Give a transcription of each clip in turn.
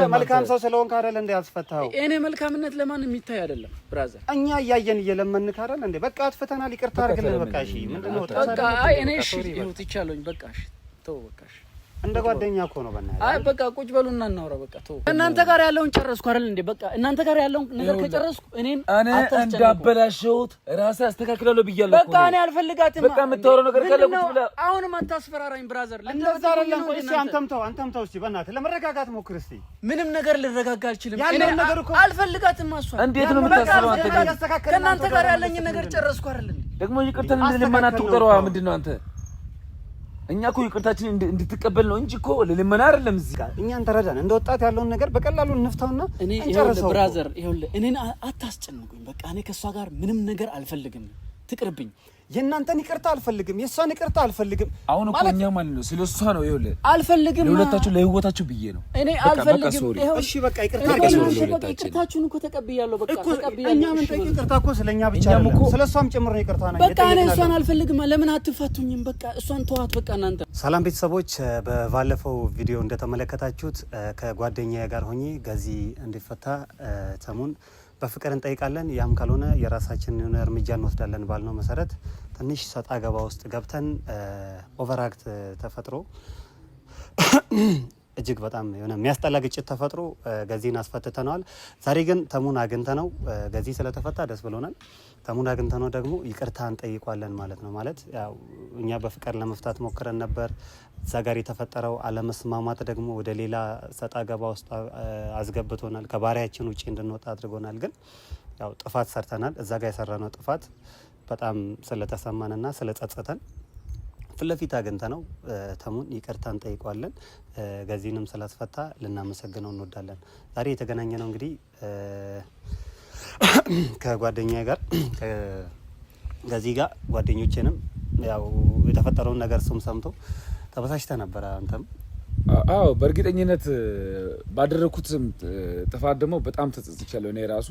አይደለም። መልካም ሰው ስለሆንክ አይደል እንዴ ያስፈታው? እኔ መልካምነት ለማን የሚታይ አይደለም ብራዘር። እኛ እያየን እየለመንክ አይደል እንዴ? በቃ አትፈተናል። ይቅርታ አድርግልን። በቃ እሺ፣ ምንድነው? በቃ አይ እኔ እሺ፣ ይሁት ይቻለኝ። በቃ እሺ፣ ተው በቃ እሺ እንደ ጓደኛ እኮ ነው። በእናትህ አይ በቃ ቁጭ በሉና እናውራ። በቃ ተው። እናንተ ጋር ያለውን ጨረስኩ አይደል እንዴ? በቃ እናንተ ጋር ያለውን ነገር ከጨረስኩ እኔን እኔ እንዳበላሸሁት ራሴ አስተካክላለሁ ብያለሁ። በቃ እኔ አልፈልጋትም። በቃ የምታወራው ነገር ካለ ቁጭ ብላ። አሁንም አታስፈራራኝ ብራዘር። እንደዛ አይደለም። ቆይ እስኪ አንተም ተው፣ አንተም ተው። እስኪ በእናትህ ለመረጋጋት ሞክር እስኪ። ምንም ነገር ልረጋጋ አልችልም። ያለውን ነገር እኮ አልፈልጋትም። አሷ እንዴት ነው የምታስበው አንተ? ከእናንተ ጋር ያለኝን ነገር ጨረስኩ አይደል እንዴ? ደግሞ ይቅርታ ልንልማናት ትቁጠረዋ ምንድን ነው አንተ እኛ እኮ ይቅርታችን እንድትቀበል ነው እንጂ እኮ ልልመና አይደለም። እዚህ ጋር እኛ እንተረዳን እንደ ወጣት ያለውን ነገር በቀላሉ እንፍታውና እኔ ብራዘር፣ ይኸውልህ እኔን አታስጨንቁኝ። በቃ እኔ ከእሷ ጋር ምንም ነገር አልፈልግም። ትቅርብኝ። የእናንተን ይቅርታ አልፈልግም፣ የእሷን ይቅርታ አልፈልግም። አሁን እኮ እኛ ማለት ነው ስለ እሷ ነው ይኸውልህ፣ አልፈልግም። ለሁለታችሁ ለህይወታችሁ ብዬ ነው እኔ አልፈልግም። እሺ በቃ ይቅርታ ይቅርታችሁን እኮ ተቀብያለሁ። በቃ ተቀብያለሁ። እኛ ምን ጠይቅ ይቅርታ እኮ ስለኛ ብቻ አይደለም ስለ እሷም ጭምር ነው ይቅርታ ነው። በቃ እኔ እሷን አልፈልግም። ለምን አትፋቱኝም? በቃ እሷን ተዋት። በቃ እናንተ ሰላም ቤተሰቦች፣ በባለፈው ቪዲዮ እንደተመለከታችሁት ከጓደኛ ጋር ሆኜ ገዚ እንዲፈታ ተሙን በፍቅር እንጠይቃለን። ያም ካልሆነ የራሳችንን የሆነ እርምጃ እንወስዳለን ባልነው መሰረት ትንሽ ሰጣ ገባ ውስጥ ገብተን ኦቨራክት ተፈጥሮ እጅግ በጣም የሆነ የሚያስጠላ ግጭት ተፈጥሮ ገዜን አስፈትተነዋል። ዛሬ ግን ተሙን ነው ገዜ ስለተፈታ ደስ ብሎናል። ተሙን ነው ደግሞ ይቅርታ እንጠይቋለን ማለት ነው። ማለት ያው እኛ በፍቅር ለመፍታት ሞክረን ነበር። እዛ ጋር የተፈጠረው አለመስማማት ደግሞ ወደ ሌላ ሰጣ ገባ ውስጥ አስገብቶናል። ከባህሪያችን ውጭ እንድንወጣ አድርጎናል። ግን ያው ጥፋት ሰርተናል። እዛ ጋር የሰራነው ጥፋት በጣም ስለተሰማንና ስለጸጸተን ፊት ለፊት አግኝተ ነው ተሙን ይቅርታ እንጠይቋለን። ገዚንም ስላስፈታ ልናመሰግነው እንወዳለን። ዛሬ የተገናኘ ነው እንግዲህ ከጓደኛዬ ጋር ገዚ ጋር ጓደኞቼንም ያው የተፈጠረውን ነገር እሱም ሰምቶ ተበሳሽተ ነበረ አንተም አዎ በእርግጠኝነት ባደረግኩትም ጥፋት ደግሞ በጣም ተጸጽቻለሁ እኔ ራሱ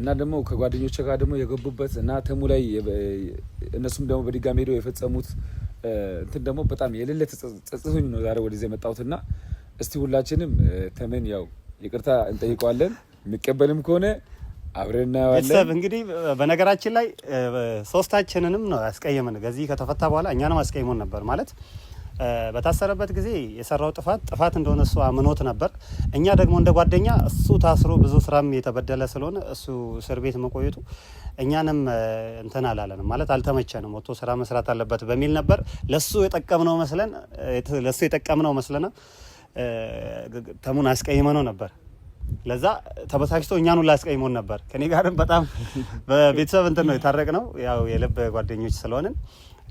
እና ደግሞ ከጓደኞች ጋር ደግሞ የገቡበት እና ተሙ ላይ እነሱም ደግሞ በድጋሚ ሄደው የፈጸሙት እንትን ደግሞ በጣም የሌለ ተጸጽቶኝ ነው ዛሬ ወደዚህ የመጣሁትና እስቲ ሁላችንም ተመን ያው ይቅርታ እንጠይቀዋለን። የሚቀበልም ከሆነ አብረን እናየዋለን። ቤተሰብ እንግዲህ በነገራችን ላይ ሶስታችንንም ነው ያስቀየመን። ከዚህ ከተፈታ በኋላ እኛንም አስቀይሞን ነበር ማለት በታሰረበት ጊዜ የሰራው ጥፋት ጥፋት እንደሆነ እሱ አምኖት ነበር። እኛ ደግሞ እንደ ጓደኛ እሱ ታስሮ ብዙ ስራም የተበደለ ስለሆነ እሱ እስር ቤት መቆየቱ እኛንም እንትን አላለንም ማለት አልተመቸንም። ወጥቶ ስራ መስራት አለበት በሚል ነበር ለሱ የጠቀምነው መስለን ለሱ የጠቀምነው መስለና ተሙን አስቀይመነው ነበር። ለዛ ተበሳሽቶ እኛኑ ላስቀይሞን ነበር። ከኔ ጋርም በጣም በቤተሰብ እንትን ነው የታረቅ ነው ያው የልብ ጓደኞች ስለሆንን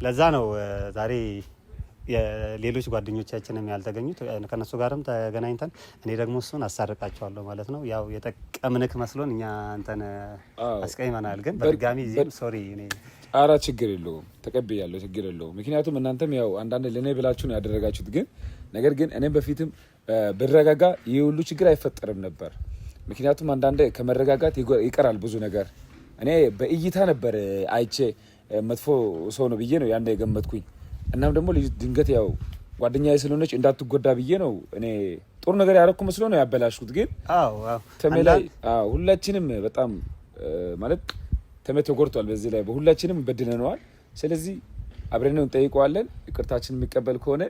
ለዛ ነው ዛሬ ሌሎች ጓደኞቻችንም ያልተገኙት ከነሱ ጋርም ተገናኝተን እኔ ደግሞ እሱን አሳርቃቸዋለሁ ማለት ነው። ያው የጠቀምንክ መስሎን እኛ አንተን አስቀይመናል፣ ግን በድጋሚ ሶሪ። አራ ችግር የለውም ተቀብያለሁ፣ ችግር የለውም። ምክንያቱም እናንተም ያው አንዳንድ ለእኔ ብላችሁ ነው ያደረጋችሁት። ግን ነገር ግን እኔም በፊትም ብረጋጋ ይህ ሁሉ ችግር አይፈጠርም ነበር። ምክንያቱም አንዳንድ ከመረጋጋት ይቀራል ብዙ ነገር። እኔ በእይታ ነበር አይቼ መጥፎ ሰው ነው ብዬ ነው ያን የገመትኩኝ እናም ደግሞ ልጅ ድንገት ያው ጓደኛ ስለሆነች እንዳትጎዳ ብዬ ነው እኔ ጥሩ ነገር ያደረኩ መስሎ ነው ያበላሽኩት። ግን ተሜ ላይ ሁላችንም በጣም ማለት ተሜ ተጎድቷል። በዚህ ላይ በሁላችንም በድለነዋል። ስለዚህ አብረን ነው እንጠይቀዋለን። ይቅርታችን የሚቀበል ከሆነ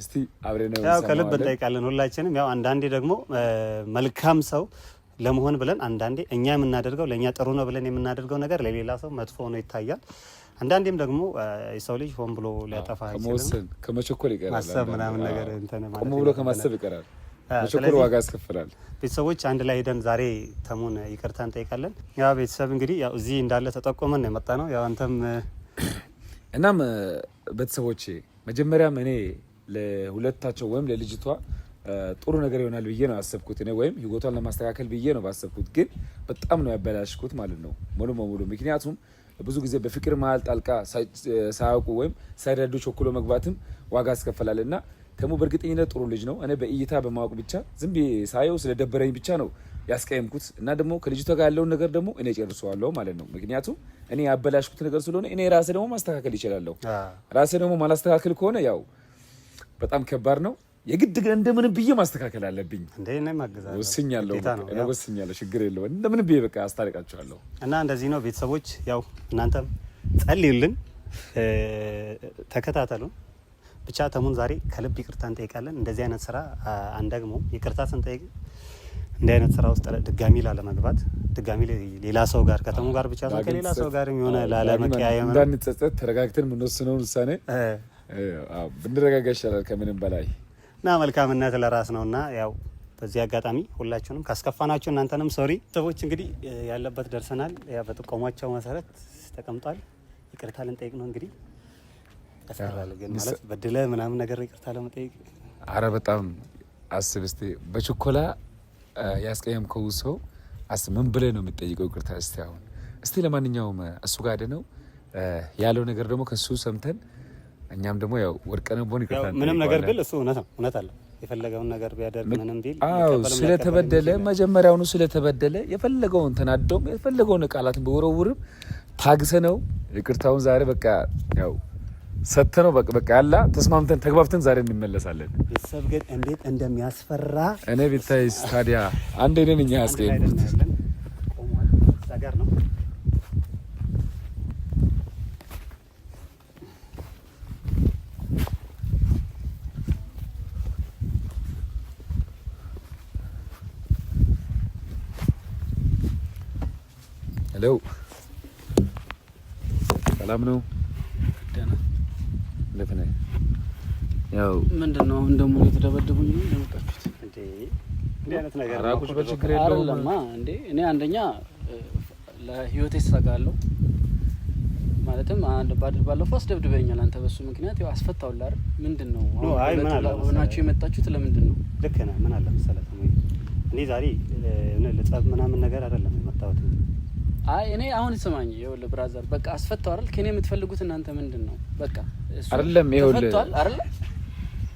እስቲ አብረን ነው ከልብ እንጠይቃለን ሁላችንም። ያው አንዳንዴ ደግሞ መልካም ሰው ለመሆን ብለን አንዳንዴ እኛ የምናደርገው ለእኛ ጥሩ ነው ብለን የምናደርገው ነገር ለሌላ ሰው መጥፎ ሆኖ ይታያል። አንዳንዴም ደግሞ የሰው ልጅ ሆን ብሎ ሊያጠፋ ይችላል። ከመቸኮል ይቀራል። ማሰብ ምናምን ነገር ቆም ብሎ ከማሰብ ይቀራል። መቸኮል ዋጋ ያስከፍላል። ቤተሰቦች አንድ ላይ ሄደን ዛሬ ተሙን ይቅርታ እንጠይቃለን። ያ ቤተሰብ እንግዲህ ያው እዚህ እንዳለ ተጠቆመን የመጣ ነው። ያው አንተም እናም ቤተሰቦቼ መጀመሪያም እኔ ለሁለታቸው ወይም ለልጅቷ ጥሩ ነገር ይሆናል ብዬ ነው ያሰብኩት እኔ ወይም ህይወቷን ለማስተካከል ብዬ ነው ባሰብኩት፣ ግን በጣም ነው ያበላሽኩት ማለት ነው ሙሉ በሙሉ ምክንያቱም ብዙ ጊዜ በፍቅር መሀል ጣልቃ ሳያውቁ ወይም ሳይረዱ ቸኩሎ መግባትም ዋጋ ያስከፈላል እና ተሙ በእርግጠኝነት ጥሩ ልጅ ነው። እኔ በእይታ በማወቅ ብቻ ዝም ሳየው ስለደበረኝ ብቻ ነው ያስቀየምኩት እና ደግሞ ከልጅቷ ጋር ያለውን ነገር ደግሞ እኔ ጨርሰዋለሁ ማለት ነው። ምክንያቱም እኔ ያበላሽኩት ነገር ስለሆነ እኔ ራሴ ደግሞ ማስተካከል ይችላለሁ። ራሴ ደግሞ ማላስተካከል ከሆነ ያው በጣም ከባድ ነው። የግድ እንደምንም ብዬ ማስተካከል አለብኝ። ወስኛለሁ፣ ችግር የለው። እንደምንም ብዬ በቃ አስታርቃቸዋለሁ። እና እንደዚህ ነው ቤተሰቦች። ያው እናንተም ጸልዩልን፣ ተከታተሉን። ብቻ ተሙን ዛሬ ከልብ ይቅርታ እንጠይቃለን። እንደዚህ አይነት ስራ አንደግሞ ይቅርታ ስንጠይቅ እንዲህ አይነት ስራ ውስጥ ድጋሚ ላለመግባት ድጋሚ ሌላ ሰው ጋር ከተሙ ጋር ብቻ ሰው ከሌላ ሰው ጋር የሆነ ላለመቀያየም እንዳንጸጸት ተረጋግተን የምንወስነውን ውሳኔ ብንረጋጋ ይሻላል ከምንም በላይ እና መልካምነት ለራስ ነውና ያው በዚህ አጋጣሚ ሁላችሁንም ካስከፋናችሁ እናንተንም ሶሪ። ሰዎች እንግዲህ ያለበት ደርሰናል። ያ በጥቆማቸው መሰረት ተቀምጧል። ይቅርታ ልንጠይቅ ነው እንግዲህ ያስፈራል። ግን ማለት በድለ ምናምን ነገር ይቅርታ ለመጠየቅ አረ በጣም አስብ እስቲ። በችኮላ ያስቀየምከው ሰው አስብ። ምን ብለህ ነው የምጠይቀው ይቅርታ? እስቲ አሁን እስቲ ለማንኛውም እሱ ጋር ነው ያለው ነገር ደግሞ ከሱ ሰምተን እኛም ደግሞ ያው ወድቀን ቦን ይከፋል። ምንም ነገር ብል እሱ እውነት ነው እውነት አለ። የፈለገውን ነገር ቢያደርግ ምንም ቢል፣ አዎ ስለተበደለ መጀመሪያውኑ ስለተበደለ የፈለገውን ተናደውም የፈለገውን ቃላትን በወረውርም ታግሰ ነው ይቅርታውን ዛሬ በቃ ያው ሰተ ነው በቃ በቃ ያላ ተስማምተን ተግባብተን ዛሬ እንመለሳለን። ቤተሰብ ግን እንዴት እንደሚያስፈራ እኔ ቤታይ ታዲያ አንድ ነን እኛ ያስገኝ ሰላም ነው? ደህና እንዴት ነህ? ያው ምንድን ነው አሁን ደግሞ የተደበደቡኝ የመጣችሁት? እንዴ እንዴ በችግር የለውም እንዴ እኔ አንደኛ ለህይወቴ እሰጋለሁ። ማለትም አንድ ባድር ባለፈው አስደብድበኛል። አንተ በሱ ምክንያት ያው አስፈታውላ አይደል? ምንድን ነው ሆናችሁ የመጣችሁት ለምንድን ነው? ልክ ነህ። ምን አለ መሰለህ እኔ ዛሬ ለጸብ ምናምን ነገር አይደለም የመጣሁት አይ እኔ አሁን ስማኝ፣ ይኸውልህ ብራዘር በቃ አስፈተው አይደል? ከኔ የምትፈልጉት እናንተ ምንድን ነው? በቃ አይደለም፣ ይኸውልህ ተፈቷል አይደል?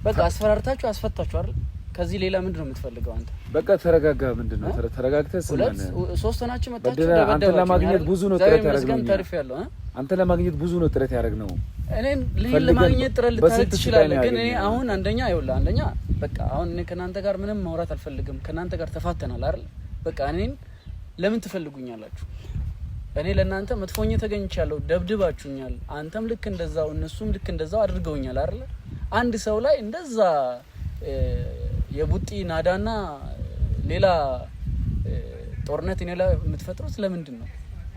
በቃ አስፈራርታችሁ አስፈታችሁ አይደል? ከዚህ ሌላ ምንድን ነው የምትፈልገው አንተ? በቃ ተረጋጋ። ምንድን ነው ተረጋግተህ ስማኝ። ሶስት ሆናችሁ መጣችሁ አንተ ለማግኘት ብዙ ነው ጥረት ያደረግነው ተርፍ ያለው አንተ ለማግኘት ብዙ ነው ጥረት ያደረግነው እኔን ለማግኘት ጥረት ልታደርግ ትችላለህ፣ ግን እኔ አሁን አንደኛ ይኸውልህ፣ አንደኛ በቃ አሁን እኔ ከናንተ ጋር ምንም ማውራት አልፈልግም። ከናንተ ጋር ተፋተናል አይደል? በቃ እኔን ለምን ትፈልጉኛላችሁ? እኔ ለእናንተ መጥፎኛ ተገኝቻለሁ፣ ደብድባችሁኛል፣ አንተም ልክ እንደዛው እነሱም ልክ እንደዛው አድርገውኛል አይደለ? አንድ ሰው ላይ እንደዛ የቡጢ ናዳና ሌላ ጦርነት እኔ ላይ የምትፈጥሩት ለምንድን ነው?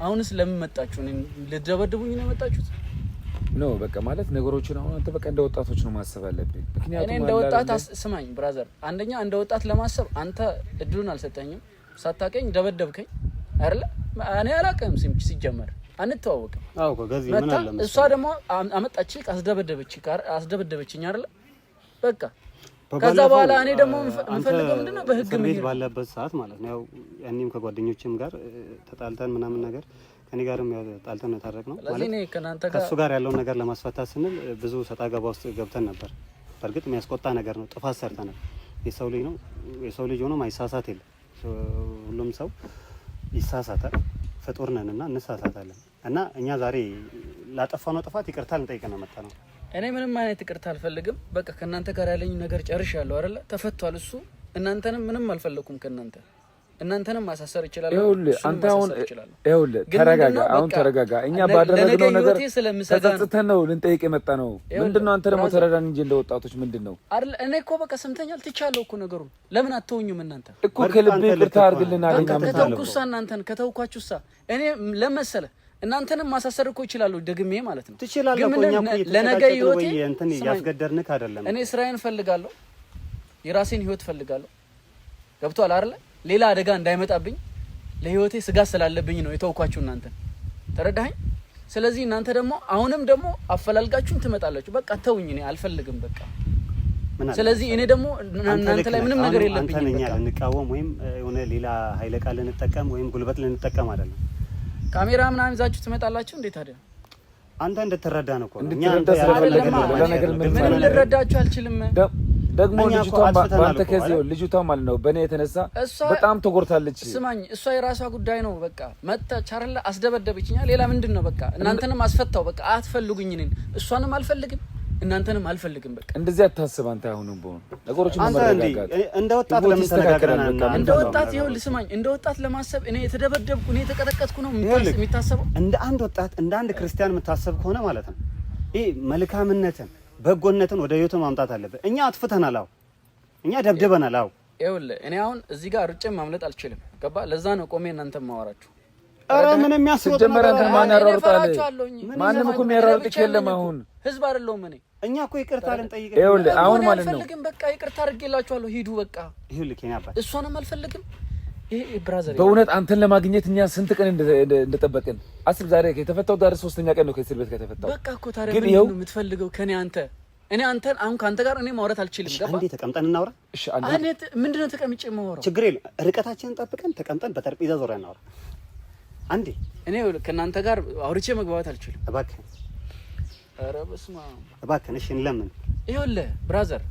አሁንስ ለምን መጣችሁ? ልደበድቡኝ ነው የመጣችሁት? ኖ በቃ ማለት ነገሮችን አሁን አንተ በቃ እንደ ወጣቶች ነው ማሰብ አለብኝ። ምክንያቱም እኔ እንደ ወጣት ስማኝ ብራዘር፣ አንደኛ እንደ ወጣት ለማሰብ አንተ እድሉን አልሰጠኝም። ሳታቀኝ ደበደብከኝ አይደለ እኔ አላውቅም ሲጀመር አንተዋወቅም። እሷ ደግሞ አመጣች አስደበደበች ጋር አስደበደበችኝ አይደለ? በቃ ከዛ በኋላ እኔ ደግሞ የምፈልገው ምንድነው በህግ ምን ባለበት ሰዓት ማለት ነው። ያው እኔም ከጓደኞችም ጋር ተጣልተን ምናምን ነገር ከኔ ጋርም ያው ጣልተን ነው የታረቅነው። ማለት ከእሱ ጋር ያለውን ነገር ለማስፈታት ስንል ብዙ ሰጣ ገባ ውስጥ ገብተን ነበር። በእርግጥ የሚያስቆጣ ነገር ነው። ጥፋት ሰርተናል። የሰው ልጅ ነው። የሰው ልጅ ሆኖ ማይሳሳት የለም። ሁሉም ሰው ይሳሳታል። ፍጡር ነን እና እንሳሳታለን እና እኛ ዛሬ ላጠፋነው ጥፋት ይቅርታ ልንጠይቅን መጣ ነው። እኔ ምንም አይነት ይቅርታ አልፈልግም። በቃ ከእናንተ ጋር ያለኝ ነገር ጨርሻለሁ አይደለ? ተፈቷል እሱ። እናንተንም ምንም አልፈለግኩም ከእናንተ እናንተንም ማሳሰር ይችላል። አንተ አሁን ይኸውልህ ተረጋጋ፣ አሁን ተረጋጋ። እኛ ባደረግነው ነገር ተጸጽተን ነው ልንጠይቅ የመጣ ነው። ምንድን ነው አንተ ደግሞ ተረዳን እንጂ እንደ ወጣቶች ምንድን ነው እኔ እኮ በቃ ሰምተኛል፣ ትቻለሁ እኮ ነገሩን። ለምን አትሆኙም እናንተ እኮ ከልቤ ቅርታ አድርግልን አለኝ። ከተውኩሳ እናንተን ከተውኳችሁሳ እኔ ለመሰለ እናንተንም ማሳሰር እኮ ይችላሉ። ደግሜ ማለት ነው ትችላለህ። ለነገ ህይወቴ ያስገደርንክ አይደለም። እኔ ስራዬን ፈልጋለሁ፣ የራሴን ህይወት ፈልጋለሁ። ገብቷል አይደለ ሌላ አደጋ እንዳይመጣብኝ ለህይወቴ ስጋት ስላለብኝ ነው የተወኳችሁ እናንተ ተረዳኸኝ? ስለዚህ እናንተ ደግሞ አሁንም ደግሞ አፈላልጋችሁን ትመጣላችሁ። በቃ ተውኝ፣ እኔ አልፈልግም በቃ። ስለዚህ እኔ ደግሞ እናንተ ላይ ምንም ነገር የለብኝም። እኛ ልንቃወም ወይም የሆነ ሌላ ኃይለ ቃል ልንጠቀም ወይም ጉልበት ልንጠቀም አይደለም። ካሜራ ምናምን ይዛችሁ ትመጣላችሁ እንዴ ታዲያ? አንተ እንድትረዳ ነው እኮ። እኛ ምንም ልረዳችሁ አልችልም። ደግሞ ልጅቷ በአንተ ከዚህ ልጅቷ ማለት ነው በእኔ የተነሳ በጣም ተጎርታለች። ስማኝ፣ እሷ የራሷ ጉዳይ ነው። በቃ መጣ ቻርላ አስደበደበችኛ። ሌላ ምንድን ነው? በቃ እናንተንም አስፈታው። በቃ አትፈልጉኝ፣ እሷንም አልፈልግም፣ እናንተንም አልፈልግም። በቃ እንደዚህ አታስብ አንተ። አሁንም በሆኑ ነገሮችን መረጋጋት እንደ ወጣት ለምን ተነጋግረናል? እንደ ወጣት ይኸውልህ፣ ስማኝ፣ እንደ ወጣት ለማሰብ እኔ የተደበደብኩ እኔ የተቀጠቀጥኩ ነው የሚታሰበው። እንደ አንድ ወጣት እንደ አንድ ክርስቲያን የምታሰብ ከሆነ ማለት ነው ይህ መልካምነትን በጎነትን ወደ ህይወቱ ማምጣት አለበት። እኛ አጥፍተናል፣ አዎ እኛ ደብድበናል፣ አዎ ይኸውልህ፣ እኔ አሁን እዚህ ጋር ርጬ ማምለጥ አልችልም። ገባ? ለዛ ነው ቆሜ እናንተ ማወራችሁ። ኧረ ምንም የሚያስወጥ ማን ያራርጣል? ማንም እኮ የሚያራርጥ የለም። አሁን ህዝብ አይደለሁም እኔ። እኛ እኮ ይቅርታ ልንጠይቅ ይኸውልህ፣ አሁን ማለት ነው። በቃ ይቅርታ አድርጌላችኋለሁ፣ ሂዱ በቃ። ይኸውልህ፣ እሷንም አልፈልግም በእውነት አንተን ለማግኘት እኛ ስንት ቀን እንደጠበቅን አስብ። ዛሬ የተፈታው ዛሬ ሶስተኛ ቀን ነው ከእስር ቤት ከተፈታው። በቃ እኮ ታዲያ ነው የምትፈልገው ከኔ አንተ እኔ አንተን አሁን ከአንተ ጋር እኔ ማውራት አልችልም። ገባ አንዴ ተቀምጠን እናውራ። እሺ አንዴ ምንድን ነው ተቀምጬ የማወራው? ችግር የለም ርቀታችንን ጠብቀን ተቀምጠን በጠረጴዛ ዙሪያ እናውራ። አንዴ እኔ ከእናንተ ጋር አውርቼ መግባባት አልችልም። እባክህን፣ ኧረ በስመ አብ እባክህን። እሺ እንለምን። ይኸውልህ ብራዘር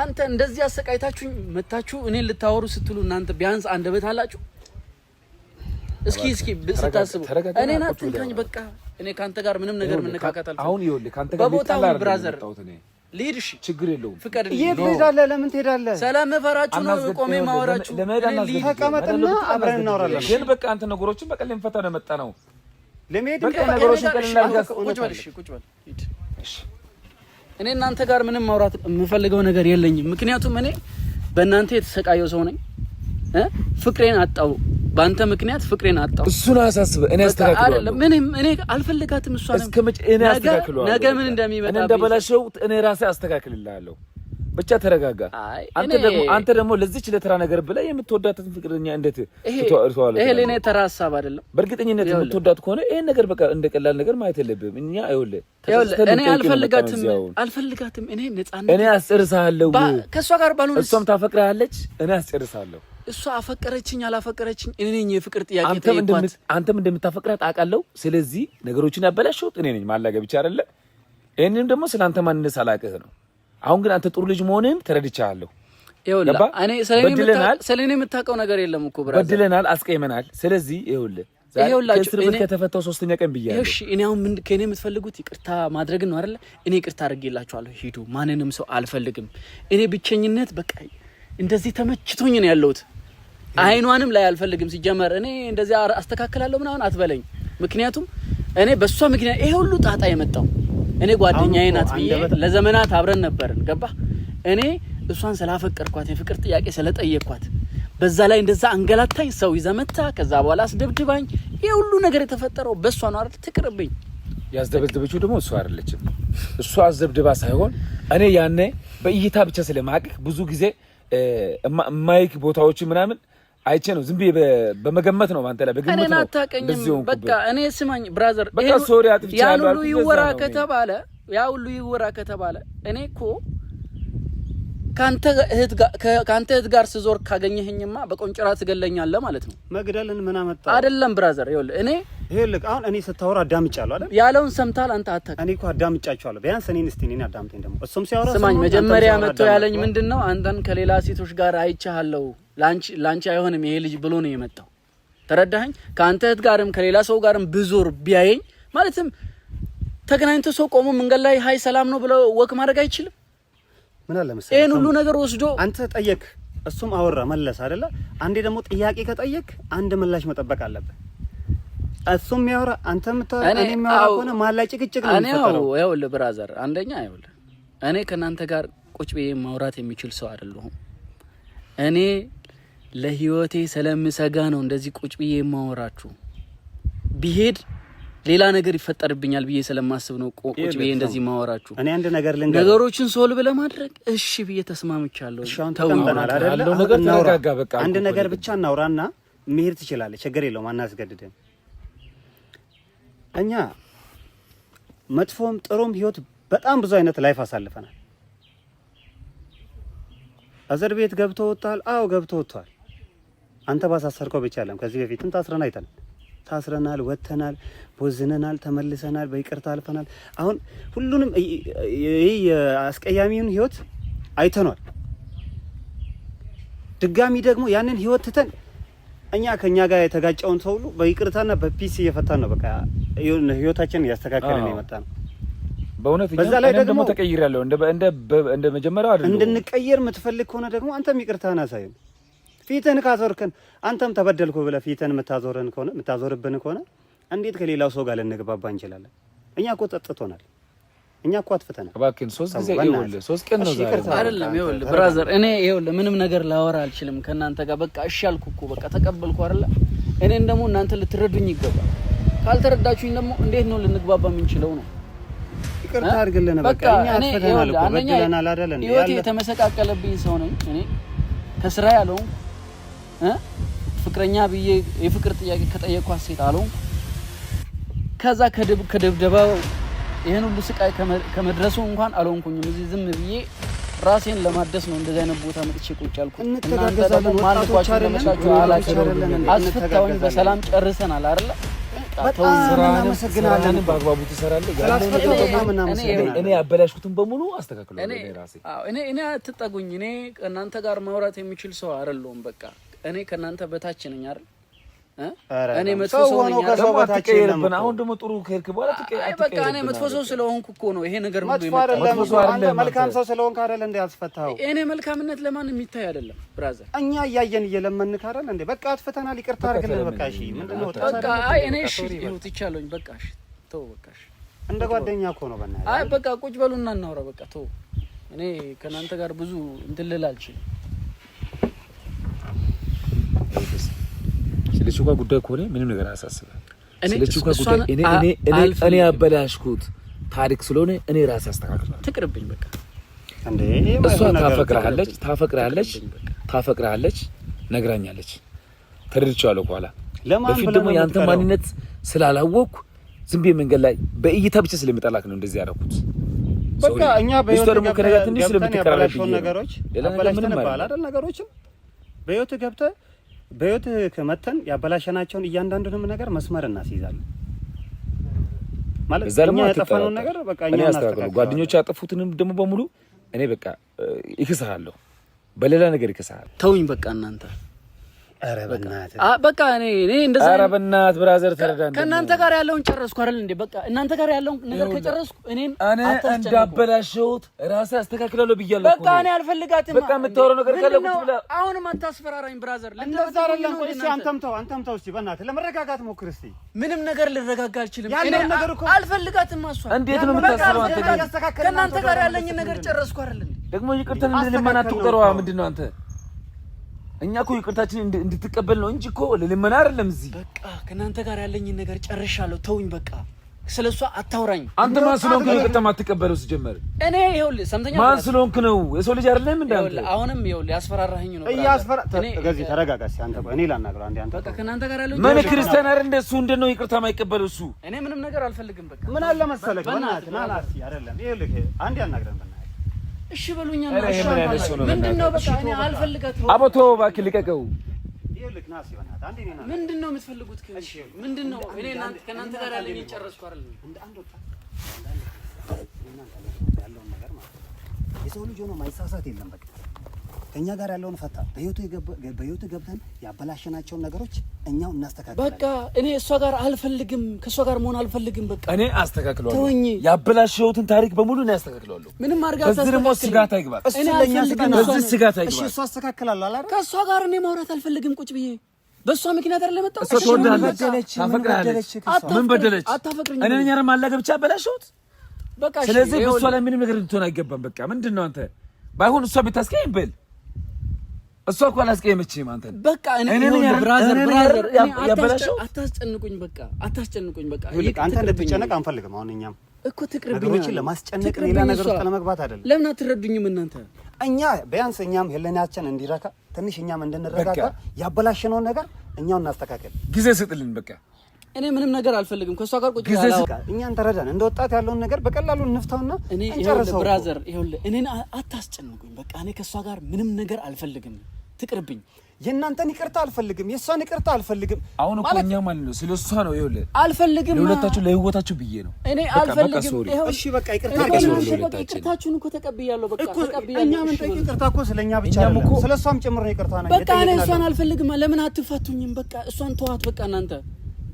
አንተ እንደዚህ አሰቃይታችሁ መታችሁ እኔን ልታወሩ ስትሉ እናንተ ቢያንስ አንደበት አላችሁ? እስኪ እስኪ ስታስቡ እኔን አትንካኝ። በቃ እኔ ካንተ ጋር ምንም ነገር መነካካት አልኩ። አሁን ይኸውልህ ካንተ ጋር በቦታው ብራዘር ልሂድ። እሺ ችግር የለውም። ፍቀድ። የት ትሄዳለህ? ለምን ትሄዳለህ? ሰላም መፈራችሁ ነው ቆሜ ማወራችሁ። ተቀመጥና አብረን እናወራለን። ግን በቃ አንተ ነገሮችን በቃ ልንፈታ ነው የመጣ ነው። ለመሄድ ነገሮችን ቀልል አድርገህ ቁጭ በል። እሺ ቁጭ በል። ሂድ እኔ እናንተ ጋር ምንም ማውራት የምፈልገው ነገር የለኝም። ምክንያቱም እኔ በእናንተ የተሰቃየው ሰው ነኝ። ፍቅሬን አጣው በአንተ ምክንያት ፍቅሬን አጣው። እሱን አሳስበ እኔ አስተካክለዋለሁ። ምንም እኔ አልፈልጋትም። እሷ ነገ ምን እንደሚመጣ እኔ ራሴ አስተካክልልሃለሁ። ብቻ ተረጋጋ። አንተ ደግሞ ለዚች ለተራ ነገር ብላ የምትወዳትን ፍቅረኛ እንዴት ትተዋለህ? ይሄ ለኔ ተራ ሀሳብ አይደለም። በእርግጠኝነት የምትወዳት ከሆነ ይሄን ነገር በቃ እንደ ቀላል ነገር ማየት የለብህም። እኛ ይኸውልህ፣ እኔ አልፈልጋትም አልፈልጋትም። እኔ ነፃነት እኔ አስጨርሳለሁ። ከእሷ ጋር ባልሆን እሷም ታፈቅርሃለች። እኔ አስጨርሳለሁ። እሷ አፈቀረችኝ አላፈቀረችኝ እኔ ነኝ የፍቅር ጥያቄ ጠይቋት። አንተም እንደምታፈቅራት አውቃለሁ። ስለዚህ ነገሮችን ያበላሸሁት እኔ ነኝ። ማላገብቻ ብቻ አይደለ። ይህንም ደግሞ ስለ አንተ ማንነት አላውቅህ ነው አሁን ግን አንተ ጥሩ ልጅ መሆንህን ተረድቻለሁ። ስለኔ የምታውቀው ነገር የለም እኮ ብራ፣ በድለናል፣ አስቀይመናል። ስለዚህ ይኸውልህ እስር ቤት ከተፈታው ሶስተኛ ቀን ብያለሁ። እኔ አሁን ምን ከእኔ የምትፈልጉት ይቅርታ ማድረግ ነው አይደለ? እኔ ይቅርታ አድርጌላችኋለሁ። ሂዱ። ማንንም ሰው አልፈልግም። እኔ ብቸኝነት በቃ እንደዚህ ተመችቶኝ ነው ያለሁት። አይኗንም ላይ አልፈልግም። ሲጀመር እኔ እንደዚህ አስተካክላለሁ ምናምን አትበለኝ። ምክንያቱም እኔ በእሷ ምክንያት ይሄ ሁሉ ጣጣ የመጣው እኔ ጓደኛዬ ናት ብዬ ለዘመናት አብረን ነበርን። ገባ እኔ እሷን ስላፈቀርኳት የፍቅር ጥያቄ ስለጠየቅኳት በዛ ላይ እንደዛ አንገላታኝ፣ ሰው ይዘመታ፣ ከዛ በኋላ አስደብድባኝ። ይህ ሁሉ ነገር የተፈጠረው በእሷ ነው አይደል? ትቅርብኝ። ያስደበደበችው ደግሞ እሷ አይደለችም። እሷ አስደብድባ ሳይሆን እኔ ያኔ በእይታ ብቻ ስለማቅህ ብዙ ጊዜ ማይክ ቦታዎች ምናምን አይቼ ነው ዝም ብዬ በመገመት ነው። አንተ ላይ በግምት ነው አታውቀኝም። በቃ እኔ ስማኝ ብራዘር፣ በቃ ሶሪ አጥፍቻለሁ። ያ ሁሉ ይወራ ከተባለ ያ ሁሉ ይወራ ከተባለ እኔ እኮ ካንተ እህት ጋር ስዞር ካገኘህኝማ በቆንጨራ ትገለኛለህ ማለት ነው። መግደልን ምን አመጣ? አይደለም ብራዘር፣ ይኸውልህ እኔ ይኸውልህ አሁን እኔ ስታወራ አዳምጫለሁ አይደል? ያለውን ሰምታል አንተ አታውቅም። እኔ እኮ አዳምጫቸዋለሁ። ቢያንስ እኔን እስቲ እኔን አዳምጠኝ ደግሞ። እሱም ሲያወራ ስማኝ። መጀመሪያ መጥቶ ያለኝ ምንድን ነው አንተን ከሌላ ሴቶች ጋር አይቻለሁ ላንቺ ላንቺ አይሆንም ይሄ ልጅ ብሎ ነው የመጣው። ተረዳኸኝ? ከአንተ እህት ጋርም ከሌላ ሰው ጋርም ብዞር ቢያየኝ ማለትም ተገናኝቶ ሰው ቆሞ መንገድ ላይ ሀይ ሰላም ነው ብለው ወክ ማድረግ አይችልም። ምን አለ መሰለህ ይሄን ሁሉ ነገር ወስዶ አንተ ጠየቅ፣ እሱም አወራ መለስ አይደለ? አንዴ ደግሞ ጥያቄ ከጠየቅ አንድ ምላሽ መጠበቅ አለብህ። እሱም ያወራ አንተ ምታ እኔ የሚያወራ ከሆነ መሀል ላይ ጭቅጭቅ ነው የሚፈጠረው። ይኸውልህ ብራዘር፣ አንደኛ ይኸውልህ እኔ ከእናንተ ጋር ቁጭ ብዬ ማውራት የሚችል ሰው አይደለሁም እኔ ለህይወቴ ስለምሰጋ ነው እንደዚህ ቁጭ ብዬ የማወራችሁ። ቢሄድ ሌላ ነገር ይፈጠርብኛል ብዬ ስለማስብ ነው ቁጭ ብዬ እንደዚህ ማወራችሁ። እኔ አንድ ነገር ልንገር፣ ነገሮችን ሶልቭ ለማድረግ እሺ ብዬ ተስማምቻለሁ። አንድ ነገር ብቻ እናውራና መሄድ ትችላለህ። ችግር የለውም፣ አናስገድድም። እኛ መጥፎም ጥሩም ህይወት በጣም ብዙ አይነት ላይፍ አሳልፈናል። አዘር ቤት ገብቶ ወጥቷል። አዎ ገብቶ ወጥቷል። አንተ ባሳሰርከው ብቻ አለም። ከዚህ በፊትም ታስረን አይተን ታስረናል፣ ወጥተናል፣ ቦዝነናል፣ ተመልሰናል፣ በይቅርታ አልፈናል። አሁን ሁሉንም ይህ የአስቀያሚውን ህይወት አይተኗል። ድጋሚ ደግሞ ያንን ህይወት ትተን እኛ ከኛ ጋር የተጋጨውን ሰው ሁሉ በይቅርታና በፒስ እየፈታን ነው። በቃ ህይወታችንን እያስተካከለን የመጣ ነው። በእውነት በዛ ላይ ደግሞ ተቀይር ያለው እንደ መጀመሪያው አይደለም። እንድንቀየር የምትፈልግ ከሆነ ደግሞ አንተም ይቅርታህን አሳየን። ፊትህን ካዞርክን አንተም ተበደልኩ ብለህ ፊትህን የምታዞርን ከሆነ የምታዞርብን ከሆነ እንዴት ከሌላው ሰው ጋር ልንግባባ እንችላለን? እኛ እኮ ጠጥቶናል። እኛ እኮ አጥፍተናል። እባክህን ሶስት ጊዜ ይኸውልህ፣ ሶስት ቀን ነው ዛሬ አይደለም። ይኸውልህ ብራዘር፣ እኔ ይኸውልህ ምንም ነገር ላወራ አልችልም ከእናንተ ጋር በቃ እሺ አልኩ እኮ በቃ ተቀበልኩ አይደለ? እኔን ደግሞ እናንተ ልትረዱኝ ይገባል። ካልተረዳችሁኝ ደግሞ እንዴት ነው ልንግባባ የምንችለው ነው? ይቅርታ አድርግልን። በቃ እኛ አጥፍተናል እኮ ህይወቴ የተመሰቃቀለብኝ ሰው ነኝ እኔ ከስራ ያለውን ፍቅረኛ ብዬ የፍቅር ጥያቄ ከጠየኳት ሴት አለው። ከዛ ከድብደባው ይህን ሁሉ ስቃይ ከመድረሱ እንኳን አልሆንኩኝም። እዚህ ዝም ብዬ ራሴን ለማደስ ነው እንደዚህ አይነት ቦታ መጥቼ ቁጭ ያልኩ። እናንተ ደግሞ ማንኳቸው ለመቻችሁ አላቸው አስፈታውኝ። በሰላም ጨርሰናል አይደለ? ስራህንም በአግባቡ ትሰራለህ። እኔ ያበላሽኩትን በሙሉ አስተካክሎ እኔ እኔ አትጠጉኝ። እኔ እናንተ ጋር ማውራት የሚችል ሰው አይደለሁም በቃ እኔ ከእናንተ በታች ነኝ አይደል? እኔ መጥፎ ሰው ነኝ አይደል? አሁን ደግሞ ጥሩ ከሄድክ በኋላ በቃ እኔ መጥፎ ሰው ስለሆንኩ እኮ ነው ይሄ ነገር መልካም ሰው ስለሆንክ አይደል እንዴ ያስፈታኸው? እኔ መልካምነት ለማን የሚታይ አይደለም ብራዘር። እኛ እያየን እየለመንክ አይደል እንዴ? በቃ አትፈተናል፣ ይቅርታ አድርግልን። በቃ እሺ፣ ምንድነው በቃ አይ እኔ እሺ፣ ይሁት ይቻለኝ። በቃ እሺ፣ ተው በቃ እሺ። እንደ ጓደኛ እኮ ነው በእናትህ። አይ በቃ ቁጭ በሉና እናውራ። በቃ ተው፣ እኔ ከእናንተ ጋር ብዙ እንትን ልል አልችልም። ስለ ቹካ ጉዳይ ከሆነ ምንም ነገር አያሳስብም። እኔ ያበላሽኩት ታሪክ ስለሆነ እኔ ራሴ አስተካክላለሁ። ትቅርብኝ በቃ። እንዴ እሷ ታፈቅራለች፣ ታፈቅራለች፣ ታፈቅራለች ነግራኛለች። ተረድቻለሁ። በኋላ በፊት ደግሞ የአንተ ማንነት ስላላወቅኩ ዝም ብዬ መንገድ ላይ በእይታ ብቻ ስለሚጠላክ ነው እንደዚህ ያደረኩት። በቃ እኛ ደግሞ ከነጋ ትንሽ ነገሮች ሌላ ምንም አይደል ነገሮችም በህይወት ገብተህ በህይወት ከመተን ያበላሸናቸውን እያንዳንዱንም ነገር መስመር እናስይዛለን። ማለት እኛ ያጠፋነውን ነገር በቃ እኛ እናስተካክል። ጓደኞች ያጠፉትንም ደግሞ በሙሉ እኔ በቃ ይክስሃለሁ፣ በሌላ ነገር ይክስሃል። ተውኝ በቃ እናንተ በቃ እኔ እኔ እንደዛ ኧረ በእናትህ ብራዘር ተረዳን። ከእናንተ ጋር ያለውን ጨረስኩ አይደል እንዴ? በቃ እናንተ ጋር ያለውን ነገር ከጨረስኩ እኔም እኔ እንዳበላሸሁት ራሴ አስተካክላለሁ ብያለሁ። በቃ እኔ አልፈልጋትም። በቃ የምታወራው ነገር ካለኩት ብላ አሁንም አታስፈራራኝ ብራዘር። እንደዛ አይደለም። ቆይ እስኪ አንተም ተው፣ አንተም ተው። እስኪ በእናትህ ለመረጋጋት ሞክር እስኪ። ምንም ነገር ልረጋጋ አልችልም። ያለውን ነገር እኮ አልፈልጋትም። አሷ እንዴት ነው የምታስበው አንተ? ከእናንተ ጋር ያለኝን ነገር ጨረስኩ አይደል እንዴ? ደግሞ ይቅርታ ልንልማናት ትቁጠረዋ ምንድን ነው አንተ እኛ እኮ ይቅርታችን እንድትቀበል ነው እንጂ እኮ ልልመና አይደለም። እዚህ በቃ ከእናንተ ጋር ያለኝን ነገር ጨርሻለሁ። ተውኝ በቃ ስለ እሷ አታውራኝ። አንተ ማን ስለሆንክ ነው ይቅርታ የማትቀበለው? ሲጀመር እኔ ይኸውልህ፣ ሰምተኛ ማን ስለሆንክ ነው? የሰው ልጅ አይደለም እንዴ አንተ? አሁንም ይኸውልህ ያስፈራራኸኝ ነው። እያስፈራ ከዚህ ተረጋጋ። አንተ እኔ ላናግረው አንዴ። አንተ ከእናንተ ጋር ያለው ምን ክርስቲያን አይደል? እንደሱ እንዴት ነው ይቅርታ የማይቀበለው እሱ? እኔ ምንም ነገር አልፈልግም። በቃ ምን አለ መሰለህ፣ በእናትህ ና ና፣ እስኪ አይደለም ይኸውልህ፣ አንዴ አናግረን እሺ በሉኛ። ምንድን ነው በቃ እኔ አልፈልጋትም። አቦቶ እባክህ ልቀቀው። ምንድን ነው የምትፈልጉት? ምንድን ነው እኔ ከእናንተ ጋር ያለኝ ጨረስኩ አይደል? የሰው ልጅ ሆኖ ማይሳሳት የለም በቃ ከእኛ ጋር ያለውን ፈታ በህይወቱ ገብተን ያበላሸናቸውን ነገሮች እኛው እናስተካክላለን። በቃ እኔ እሷ ጋር አልፈልግም፣ ከእሷ ጋር መሆን አልፈልግም። በቃ እኔ አስተካክለዋለሁ። ተወኝ። ያበላሸሁትን ታሪክ በሙሉ እኔ አስተካክለዋለሁ። ምንም አድርጋ በዚህ ደግሞ ስጋት አይግባ፣ በዚህ ስጋት አይግባ። እሱ አስተካክላለሁ አላ ከእሷ ጋር እኔ ማውራት አልፈልግም ቁጭ ብዬ በእሷ ምክንያት አይደለም መጣሁ። እሷ ትወዳለች፣ ታፈቅራለች። ምን በደለች? እኔ ነኝ አይደል ማላገብቻ ያበላሸሁት። በቃ ስለዚህ በእሷ ላይ ምንም ነገር እንትን አይገባም። በቃ ምንድን ነው አንተ ባይሆን እሷ ቤታስኪ ይበል እሷ እኮ አላስቀየመችም አንተን። በቃ እኔ ብራዘር ብራዘር ያበላሽው አታስጨንቁኝ፣ በቃ አታስጨንቁኝ። በቃ አንተ እንድትጨነቅ አንፈልግም። አሁን እኛም እኮ ትቅርብኛለችን ለማስጨነቅ ሌላ ነገር ውስጥ ለመግባት አይደለም። ለምን አትረዱኝም እናንተ? እኛ ቢያንስ እኛም ህሊናችን እንዲረካ ትንሽ እኛም እንድንረጋጋ ያበላሽነውን ነገር እኛው እናስተካከል። ጊዜ ስጥልን በቃ እኔ ምንም ነገር አልፈልግም ከእሷ ጋር ቁጭ ያለ እኛን ተረዳን። እንደ ወጣት ያለውን ነገር በቀላሉ እንፍታውና እንጨርሰው። ብራዘር ይኸውልህ፣ እኔን አታስጨንቁኝ። በቃ እኔ ከእሷ ጋር ምንም ነገር አልፈልግም። ትቅርብኝ። የእናንተን ይቅርታ አልፈልግም፣ የእሷን ይቅርታ አልፈልግም። አሁን እኮ እኛ ማለት ነው ስለ እሷ ነው ይኸውልህ፣ አልፈልግም። ለሁለታችሁ ለህይወታችሁ ብዬ ነው እኔ አልፈልግም። እሺ በቃ ይቅርታ ይቅርታችሁን እኮ ተቀብያለሁ። በቃ እኛ ምን ጠይቅ ይቅርታ እኮ ስለ እኛ ብቻ አይደለም ስለ እሷም ጭምር ነው ይቅርታ። በቃ እኔ እሷን አልፈልግም። ለምን አትፋቱኝም? በቃ እሷን ተዋት። በቃ እናንተ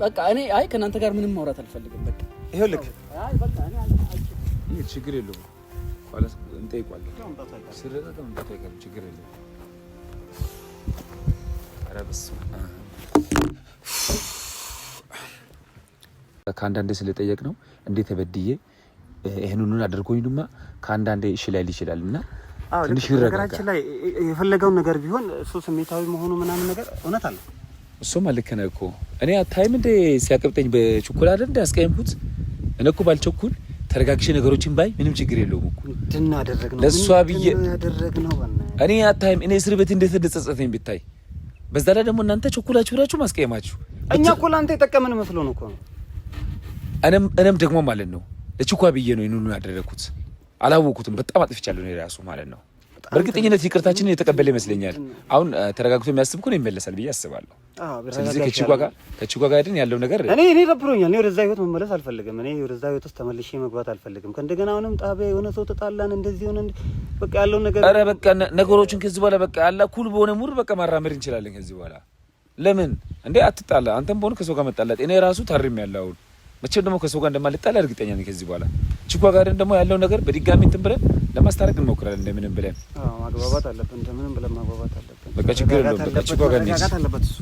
በቃ እኔ አይ ከእናንተ ጋር ምንም ማውራት አልፈልግም። በቃ ይኸውልህ፣ አይ በቃ እኔ አልፈልግም። አይ ችግር የለውም እንጠይቋለን። ችግር የለውም። ኧረ በስመ አብ ከአንዳንዴ ስለጠየቅ ነው እንዴ ተበድዬ ይህንኑን አድርጎኝ ድማ ከአንዳንዴ እሺ ላይል ይችላል እና ትንሽ ይረጋጋል። ነገራችን ላይ የፈለገውን ነገር ቢሆን እሱ ስሜታዊ መሆኑ ምናምን ነገር እውነት አለ እሱም ልክ ነህ እኮ እኔ ታይም እንደ ሲያቀብጠኝ በቾኮላት እንደ አስቀየምኩት። እኔ እኮ ባልቸኩል ተረጋግሼ ነገሮችን ባይ ምንም ችግር የለውም እኮ ለእሷ ብዬ እኔ አታይም እኔ እስር ቤት እንዴት እንደጸጸተኝ ብታይ። በዛ ላይ ደግሞ እናንተ ቸኩላችሁ ብላችሁ ማስቀየማችሁ። እኛ እኮ ለአንተ የጠቀምን መስሎ ነው እኮ እኔም ደግሞ ማለት ነው ለችኳ ብዬ ነው ይኑኑ ያደረግኩት። አላወኩትም። በጣም አጥፍቻለሁ ነው የራሱ ማለት ነው። በእርግጠኝነት ይቅርታችንን የተቀበለ ይመስለኛል። አሁን ተረጋግቶ የሚያስብ እኮ ነው ይመለሳል ብዬ አስባለሁ። ስለዚህ ከቺጓ ጋር ከቺጓ ጋር ሄድን ያለው ነገር እኔ እኔ ደብሮኛል። እኔ ወደዛ ህይወት መመለስ አልፈልግም። እኔ ወደዛ ህይወት ውስጥ ተመልሼ መግባት አልፈልግም። ከእንደገና አሁንም ጣቢያ የሆነ ሰው ተጣላን እንደዚህ ሆነ በቃ ያለው ነገር አረ በቃ ነገሮችን ከዚህ በኋላ በቃ ያላ ኩል በሆነ ሙር በቃ ማራመድ እንችላለን ከዚህ በኋላ ለምን እንዴ አትጣላ። አንተም በሆነ ከሰው ጋር መጣላት እኔ ራሱ ታሪም ያለው አሁን መቼም ደግሞ ከሰው ጋር እንደማልጣላ እርግጠኛ ነኝ። ከዚህ በኋላ ቺጓ ጋር ደግሞ ያለው ነገር በድጋሚ እንትን ብለን ለማስታረቅ እንሞክራለን። እንደምንም ብለን አዎ ማግባባት አለብን። እንደምንም ብለን ማግባባት አለብን። በቃ ችግር የለውም። በቃ ችግር አለበት እሱ